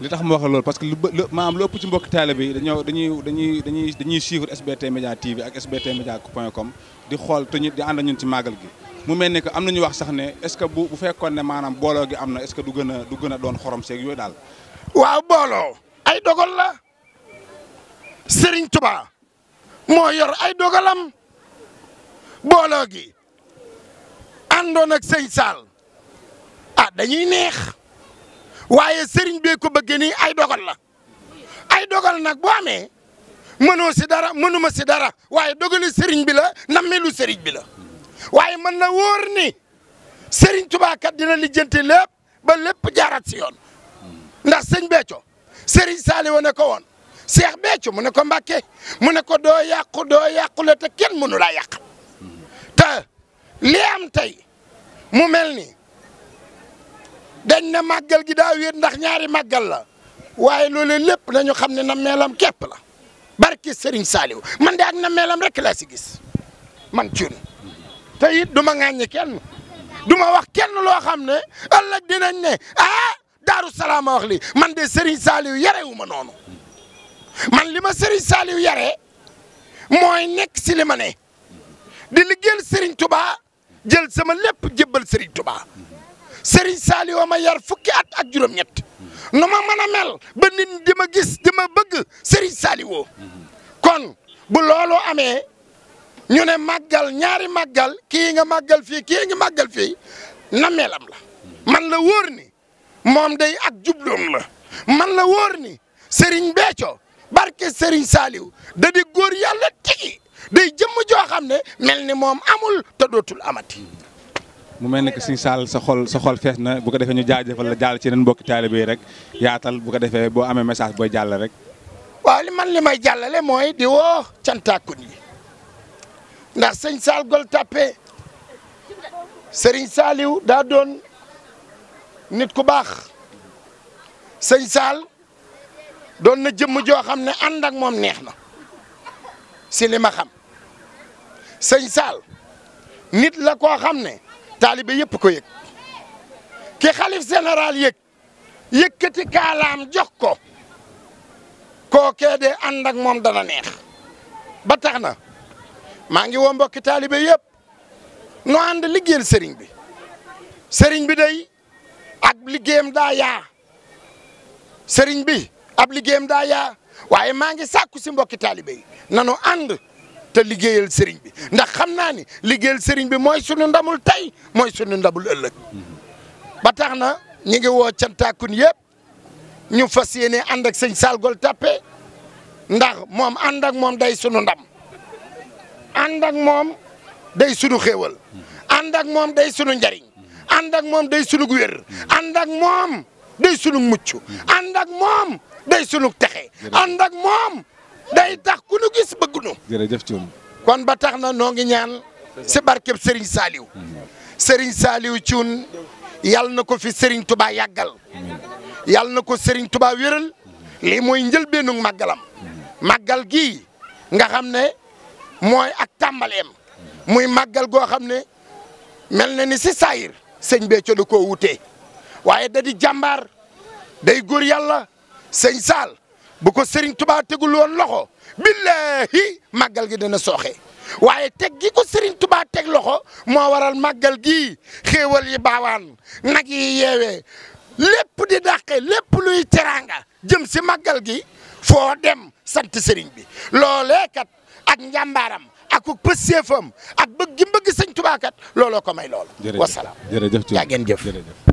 li tax ma wax lool parce que lu maanaam lu ëpp ci mbokki taalibe yi dañoo dañuy dañuy dañuy dañuy suivre SBT Média TV ak SBT Média point com di xool te ñu di ànd ñun ci màggal gi. mu mel ni que am na ñu wax sax ne est ce que bu bu fekkoon ne maanaam booloo gi am na est ce que du a du gën a doon xorom seeg yooyu daal. waaw ay dogal la Serigne Touba moo yor ay dogalam booloo gi àndoon ak sëñ Saal ah dañuy neex. waaye sëriñ bee ko bëggee nii ay dogal la ay dogal nag boo amee mënoo si dara mënuma si dara waaye dogali sëriñ bi la nammelu seriñ bi la waaye mën na wóor ni sëriñ Tuubaa dina lijjanti lépp ba lépp jaarat si yoon ndax sëñ Béthio sëriñ Saliou ne ko woon Cheikh Béthio mu ne ko Mbàkke mu ne ko doo yàqu doo yàqule te kenn mënu laa yàq te li am tey mu mel ni dañ na màggal gi daa wéet ndax ñaari màggal la waaye loolu lépp nañu xam ne na meelam képp la barki Serigne saaliw man de ak na meelam rek laa si gis man cuun te it du ma ŋàññi kenn du ma wax kenn loo xam ne ëllëg dinañ ne ah Daaru Salaam a wax li man de Serigne Saliou yarewu ma noonu man li ma Serigne Saliou yare mooy nekk si li ma ne di liggéeyal Serigne tuba jël sama lépp jébbal Serigne Touba Serigne Saliou ma yar fukki at ak juróom-ñett nu ma mën a mel ba nit di ma gis di ma bëgg Serigne Saliou kon bu loolu amee ñu ne màggal ñaari màggal kii nga màggal fii kii nga màggal fii nameelam la man la wóor ni moom day ak jubloom la man la wóor ni Serigne Béthio barke Serigne Saliou da di góor yàlla tigi day jëmm joo xam ne mel ni moom amul te dootul amati mu mel ne que suñu saal sa xol sa xol fees na bu ko defee ñu jaajëfal la jàll ci yeneen mbokki taalibe yi rek yaatal bu ko defee boo amee message booy jàll rek. waaw li man li may jàllale mooy di woo cantaakun yi ndax sëñ Saal Gueule Tapée sëriñ Saaliw daa doon nit ku baax sëñ Saal doon na jëmm joo xam ne ànd ak moom neex na si lima xam sëñ Saal nit la koo xam ne. taalibe yépp ko yëg ki xalif général yëg yëkkati kaalaam jox ko kookee de ànd moom dana neex ba tax na maa ngi woo mbokki taalibe yëpp nu ànd liggéeyal sëriñ bi sëriñ bi day ak liggéeyam daa yaa sëriñ bi ab liggéeyam daa yaa waaye maa ngi sàkku si mbokki taalibe yi nanu ànd te liggéeyal sëriñ bi ndax xam naa ni liggéeyal sëriñ bi mooy sunu ndamul tey mooy sunu ndamul ëllëg ba tax na ñu ngi woo cantaakun yëpp ñu fas yéene ànd ak sëñ Sall tape Tapée ndax moom ànd ak moom day sunu ndam ànd moom day sunu xéewal ànd moom day sunu njariñ ànd ak moom day sunu wér ànd ak moom day sunu mucc ànd ak moom day sunu texe ànd moom day tax ku nu gis bëgg nu. kon ba tax na noo ngi ñaan si barkeb Serigne Saliou Serigne Saliou Thioune yal na ko fi Serigne Touba yàggal yal na ko sëriñ Touba wéral lii mooy njëlbeenu màggalam màggal gi nga xam ne mooy ak tàmbaleem muy màggal goo xam ne mel na ni si saayir sëñ Béthio da koo wutee waaye da di day góor yàlla sëñ Saal bu ko Serigne Touba tegul woon loxo billahi màggal gi dana sooxe waaye teg gi ko Serigne Touba teg loxo moo waral màggal gi xéewal yi baawaan nag yi yeewee lépp di dàqe lépp luy teraanga jëm si màggal gi foo dem sant Serigne bi loolee kat ak njàmbaaram ak pëseefam ak bëgg gi bëgg Sëñ Touba looloo ko may lool. wasalaam jërëjëf jërëjëf jaa ngeen jëf.